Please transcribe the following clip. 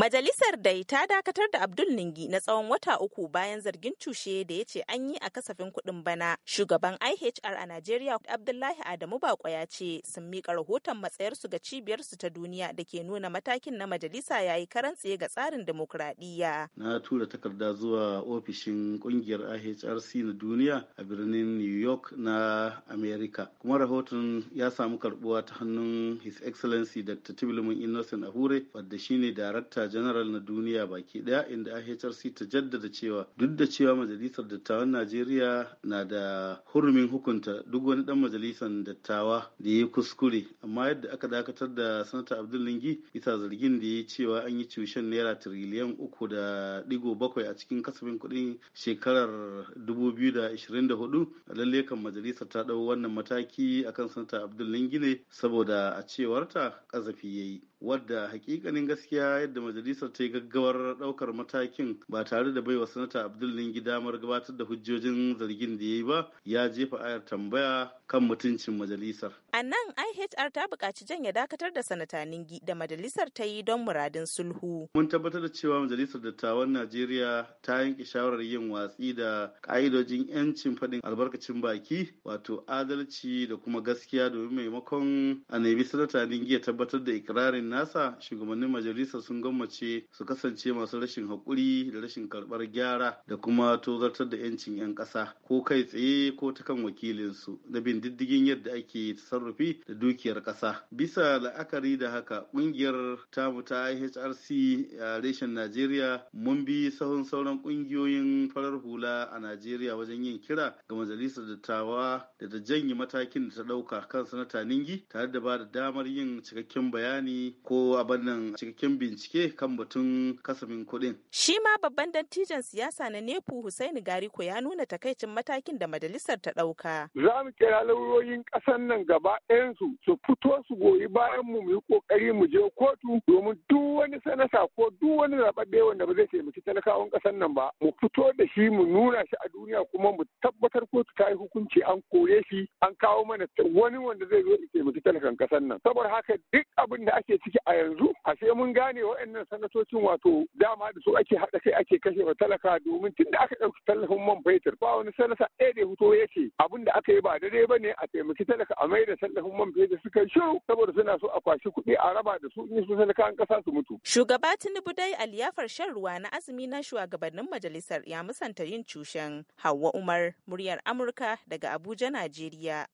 Majalisar dai ta dakatar da Abdul Ningi na tsawon wata uku bayan zargin cushe da ya ce an yi a kasafin kuɗin bana. Shugaban IHR a Najeriya Abdullahi Adamu Bako ya ce sun miƙa rahoton matsayarsu ga cibiyarsu ta duniya da ke nuna matakin na majalisa ya yi karantse ga tsarin demokuraɗiyya. Na tura takarda zuwa ofishin ƙungiyar IHRC na duniya a birnin New York na Amerika. Kuma rahoton ya samu karɓuwa ta hannun His Excellency Dr. Tibulumin Innocent Ahure wadda shine darakta janaral na duniya baki daya inda IHRC ta jaddada cewa duk da cewa majalisar dattawan Najeriya na da hurumin hukunta duk wani dan majalisar dattawa da ya kuskure amma yadda aka dakatar da sanata Abdul Lingi bisa zargin da ya cewa an yi cushen naira tiriliyan uku da digo bakwai a cikin kasafin kuɗin shekarar 2024 lalle kan majalisar ta ɗau wannan mataki akan sanata Abdul Lingi ne saboda a cewarta kazafi ya yi. wadda hakikanin gaskiya yadda majalisar ta yi gaggawar daukar matakin ba tare da baiwa sanata abdul lingi damar gabatar da hujjojin zargin da ya yi ba ya jefa ayar tambaya kan mutuncin majalisar a nan ihr ta bukaci jan ya dakatar da sanata ningi da majalisar ta yi don muradin sulhu mun tabbatar da cewa majalisar dattawan najeriya ta yanke shawarar yin watsi da ka'idojin yancin faɗin albarkacin baki wato adalci da kuma gaskiya domin maimakon a nemi sanata ningi ya tabbatar da ikirarin nasa shugabannin majalisa sun gwammace su kasance masu rashin haƙuri da rashin karɓar gyara da kuma tozartar da 'yancin 'yan ƙasa ko kai tsaye ko ta kan wakilinsu da bin diddigin yadda ake tasarrufi da dukiyar ƙasa. Bisa la'akari da haka ƙungiyar tamu ta IHRC a reshen Najeriya mun bi sahun sauran ƙungiyoyin farar hula a Najeriya wajen yin kira ga majalisar dattawa da ta janye matakin da ta ɗauka kan sanata Ningi tare da ba da damar yin cikakken bayani ko a bannan cikakken bincike kan batun kasafin kuɗin. Shi ma babban dattijan siyasa na Nepu Husaini Gariko ya nuna takaicin matakin da majalisar ta ɗauka. Za mu kira lauyoyin ƙasar nan gaba ɗayansu su fito su goyi bayan mu mu yi ƙoƙari mu je kotu domin duk wani sanata ko duk wani zaɓaɓɓe wanda ba zai taimaki talakawan ƙasar nan ba mu fito da shi mu nuna shi a duniya kuma mu tabbatar kotu ta yi hukunci an kore shi an kawo mana wani wanda zai zo ya taimaki talakan ƙasar nan. Saboda haka duk abin da ake ci ciki a yanzu a sai mun gane waɗannan sanatocin wato dama da su ake haɗa kai ake kashe wa talaka domin tunda aka ɗauki tallafin man fetur ba wani sanata ɗaya da fito ya ce abin da aka yi ba daidai ba ne a taimaki talaka a mai da tallafin man fetur suka shiru saboda suna so a kwashi kuɗi a raba da su in su talakawan ƙasa su mutu. Shugaba Tinubu dai a liyafar shan ruwa na azumi na shugabannin majalisar ya musanta yin cushen Hauwa Umar muryar Amurka daga Abuja, Najeriya.